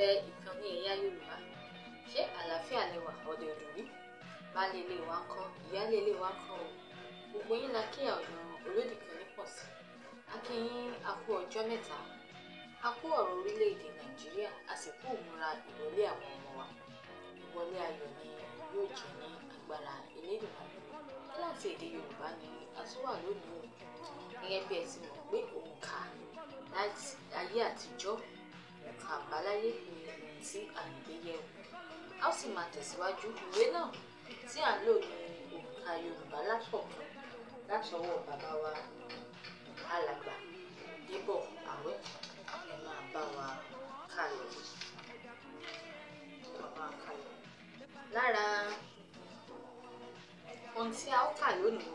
fẹ́ ìkànnì ẹ̀yà yorùbá ṣé àlàáfíà lẹ wà ọ̀dẹ̀ òdòrí baálé ilé wa ń kọ́ ìyáálé ilé wa ń kọ́ o gbogbo yín la kíyà ọ̀nà olódì kan ní pọ̀ sí akínyín a kú ọjọ́ mẹ́ta a kú ọ̀rọ̀ orílẹ̀-èdè nàìjíríà a sì kú ìmúra ìwọlé àwọn ọmọ wa ìwọlé ayọ̀ ni yóò jẹ́ ní agbára elédùnmáà láti èdè yorùbá ni a tún wà lónìí o gẹ́gẹ́ bí ẹ ti mọ̀ pé òǹkà láti ayé àtijọ́ ẹ̀ka àbáláyé ni tí à ń gbé yẹ̀wò a ó sì máa tẹ̀síwájú ìwé náà tí à ń lò ní òǹkà yorùbá látọ̀kan látọwọ́ bàbá wa alàgbà débọ̀ àwẹ̀ ẹ máa bá wa kà lọ lára ohun tí a ó kà lónìí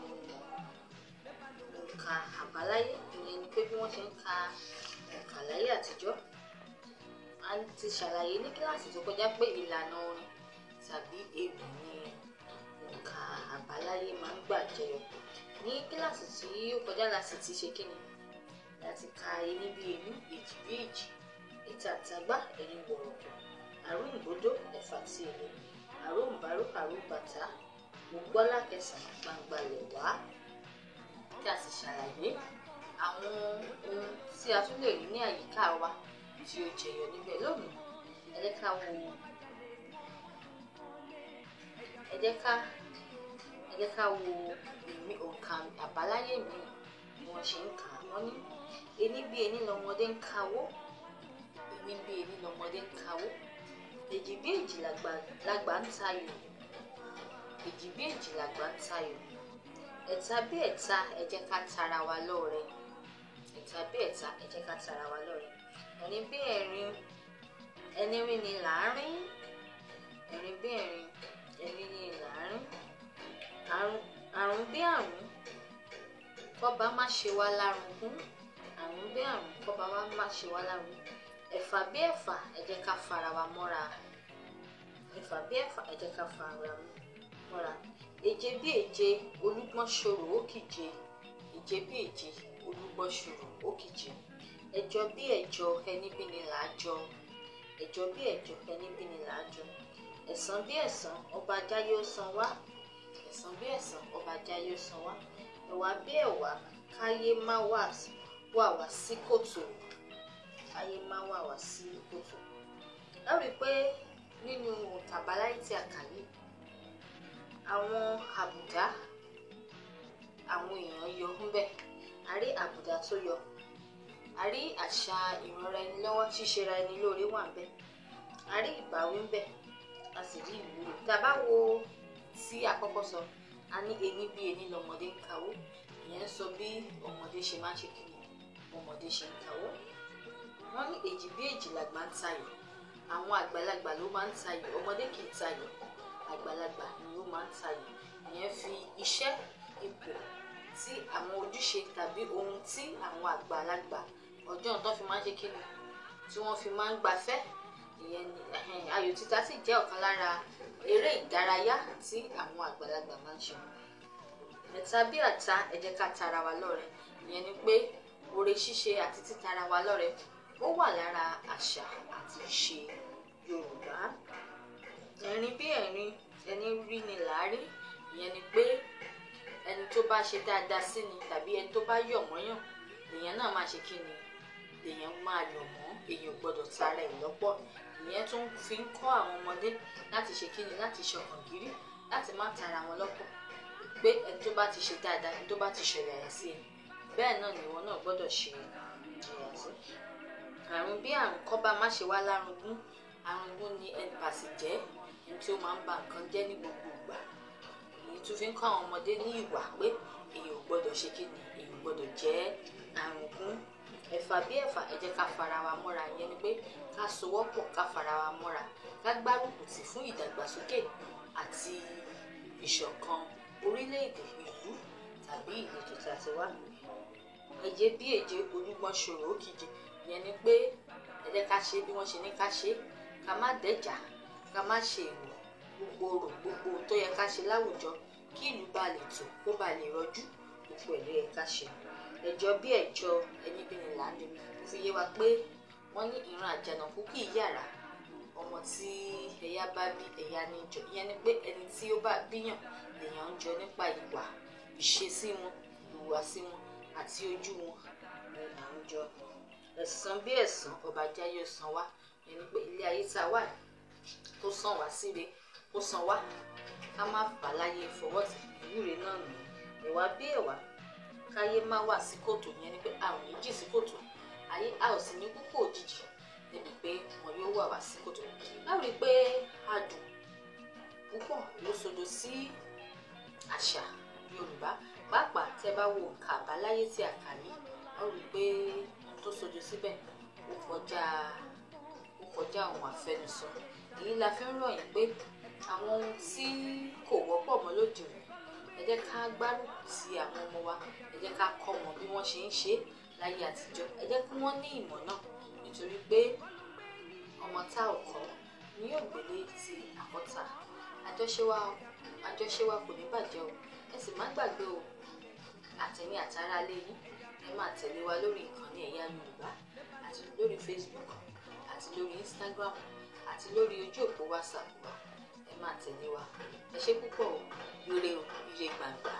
òǹkà àbáláyé ìyẹn ni pé bí wọ́n ṣe ń ka òǹkà láyé àtijọ́ ti ṣàlàyé ní kíláàsì tó kọjá pé ìlànà orin tàbí ebù ni òǹkà àbáláyé máa ń gbà jẹyọ ní kíláàsì tí ó kọjá la sì ti ṣe kíni láti ka ení bí ení èjì bí èjì ètè àtàgbá ẹ̀yìn gbọ̀rọ̀gbọ̀ àrùnbódó ẹ̀fà tí èlò àrùnbárò àrùnbàtà ògbọ́lá kẹsàn-án gbangba lẹ̀ wá kí a sì ṣàlàyé àwọn ohun tí a tún lè rí ní àyíká wa tí ó jẹyọ níbẹ̀ lónìí ẹ jẹ́ ká wo ẹ jẹ́ ká ẹ jẹ́ ká wo èmi òǹkà àbáláyé mi bí wọ́n ṣe ń kà wọ́n ní ení bí ení lọ́mọdé ń kawó ení bí ení lọ́mọdé ń kawó èjì bí èjì làgbà ń tayò èjì bí èjì làgbà ń tayò ẹ̀ta bí ẹ̀ta ẹ jẹ́ ká tara wa lọ́rẹ ẹ̀ta bí ẹ̀ta ẹ jẹ́ ká tara wa lọ́rẹ ẹ̀rín bí ẹ̀rín ẹni rí ni làárín ẹ̀rín bí ẹ̀rín ẹni rí ni làárín àrùn bí àrùn kọ́ba má ṣe wá lárugún àrùn bí àrùn kọ́ba má ṣe wá lárugún ẹ̀fà bí ẹ̀fà ẹ jẹ́ ká fara wa mọ́ra ẹ̀fà bí ẹ̀fà ẹ jẹ́ ká fara wa mọ́ra èje bí èje olúgbọ́n ṣòro ó kìje èje bí èje olúgbọ́n ṣòro ó kìje ẹ̀jọ bí ẹ̀jọ ẹni bí ni là á jọ ẹ̀jọ bí ẹ̀jọ ẹni bí ni là á jọ ẹ̀san bí ẹ̀san ọba ajá yóò san wá ẹ̀san bí ẹ̀san ọba ajá yóò san wá ẹ̀wà bí ẹ̀wà káyé má wà wà wá sí kòtò káyé má wà wá sí kòtò ẹ rí i pé nínú tàbáláì tí àwọn àbùdá àwọn èèyàn yọ ń bẹ a àbùdá tó yọ a rí àṣà ìranra ẹni lọ́wọ́ ṣíṣera ẹni lóore wà ń bẹ̀ a rí ìbáwí ń bẹ̀ a sì rí ìwúrí tá a bá wo tí àkọ́kọ́ sọ a ní ení bí ení lọ́mọdé ń kàwó ìyẹn ń sọ bí ọmọdé ṣe máa ń ṣe kíni ọmọdé ṣe ń kàwó wọ́n ní èjì bí èjì làgbà ń tayò àwọn àgbàlagbà ló máa ń tayò ọmọdé kì í tayò àgbàlagbà ni ó máa ń tayò ìyẹn fi iṣẹ́ ipò tí àwọn ojúṣe tàbí ohun tí àwọn àgbàlagbà ọjọ́ tó fi máa ń ṣe kí ni tí wọ́n fi máa ń gbafẹ́ ìyẹn ni ayò títa sì jẹ́ ọ̀kan lára eré ìdárayá tí àwọn àgbàlagbà máa ń ṣe ẹ̀ta bí àta ẹ jẹ́ ká tara wa lọ́rẹ ìyẹn ni pé oore ṣíṣe àti títara wa lọ́rẹ ó wà lára àṣà àti ìṣe Yorùbá ẹ̀rín bí ẹ̀rín ẹni rí ni làárí ìyẹn ni pé ẹni tó bá ṣe dáadáa sí ni tàbí ẹni tó bá yọ̀ mọ́yàn ìyẹn náà máa ṣe kí ni lèèyàn máa lò mọ́ èèyàn gbọ́dọ̀ tara ẹ̀ lọ́pọ̀ ìyẹn tó fi ń kọ́ àwọn ọmọdé láti ṣe kíni láti ṣọkàn gírí láti má tara wọn lọ́pọ̀ pé ẹni tó bá ti ṣe dáadáa ẹni tó bá ti ṣẹlẹ̀ ẹ̀ sí i bẹ́ẹ̀ náà ni ìwọ náà gbọ́dọ̀ ṣe ìjìyà sí. àrùn bí àrùn kọ́bá má ṣe wá lárugún àrùn gún ni ẹnìpàsì jẹ́ ẹni tí ó máa ń ba nǹkan jẹ́ ní gbogbo ìgbà èyí tún fi ń kọ́ àwọn ọmọdé ní ìwà pé èèyàn gbọ́dọ̀ ṣe kíni èèyàn gbọ́dọ̀ jẹ́ àrùn gún ẹ̀fà bí ẹ̀fà ẹ jẹ́ ká fara wa mọ́ra ìyẹn ni pé ká sowọ́pọ̀ ká fara wa mọ́ra ká gbárùkù tì fún ìdàgbàsókè àti ìṣọ̀kan orílẹ̀-èdè ìlú tàbí ìletò tí a ti wá ẹ̀jẹ̀ bí ẹ̀jẹ̀ olúgbọ́n ṣòro òkìje ìyẹn ni pé ẹ jẹ́ ká ṣe bí wọ́n ṣe ní ká ṣe ká má dẹ̀jà ká má ṣe èwọ̀ gbogbo rò gbogbo tó yẹ ká ṣe láwùjọ kí ìlú ba lè tò kó ba lè rọjú gbogbo ẹ̀ ló yẹ ṣe ẹjọ́ bí ẹjọ́ ẹni bí ni là ń lò ó fi yé wa pé wọ́n ní ìran àjànàkú kì í yàrá ọmọ tí ẹ̀yà bá bí ẹ̀yà ní jọ ìyẹn ni pé ẹni tí ó bá bíyàn lèèyàn ń jọ nípa ìwà ìṣesí wọn ìhùwàsí wọn àti ojú wọn lèèyàn ń jọ ẹ̀san bí ẹ̀san ọba jáyé san wá ẹni pé ilé ayé tá a wà tó san wá síre ó san wá ká má fà láyé ìfọwọ́tì ìwúre náà nìyí ẹ̀wà bí ẹ̀wà káyé má wà sí kòtò yẹn ni pé a ò ní jì sí kòtò ayé a ò sì ní púpọ̀ òjijì níbi pé wọn yóò wà wá sí kòtò báwo ni pé adùn púpọ̀ ló sodo sí àṣà Yorùbá pàápàá tẹ bá wo nǹkan àbáláyé tí a kà ní wọn rí i pé ohun tó sodo síbẹ̀ ó kọjá ó kọjá ohun àfẹnusọ èyí la fi ń ròyìn pé àwọn ohun tí kò wọ́pọ̀ mọ́ lóde òní ẹ jẹ́ ká gbárùkù ti àwọn ọmọ wa ẹ jẹ́ ká kọ́ wọn bí wọ́n ṣe ń ṣe láyé àtijọ́ ẹ jẹ́ kí wọ́n ní ìmọ̀ náà nítorí pé ọmọ tá ò kọ́ ni yóò gbélé ti àkọ́tà àjọṣe wa kò ní bàjẹ́ o ẹ sì má gbàgbé o àtẹ̀yìn àtàrà lé ẹ máa tẹ̀lé wa lórí ìkànnì ẹ̀yà Yorùbá àti lórí Facebook àti lórí Instagram àti lórí ojú òpó WhatsApp wa ẹ máa tẹ̀lé wa ẹ ṣé púpọ̀ o lóore o. vieux avec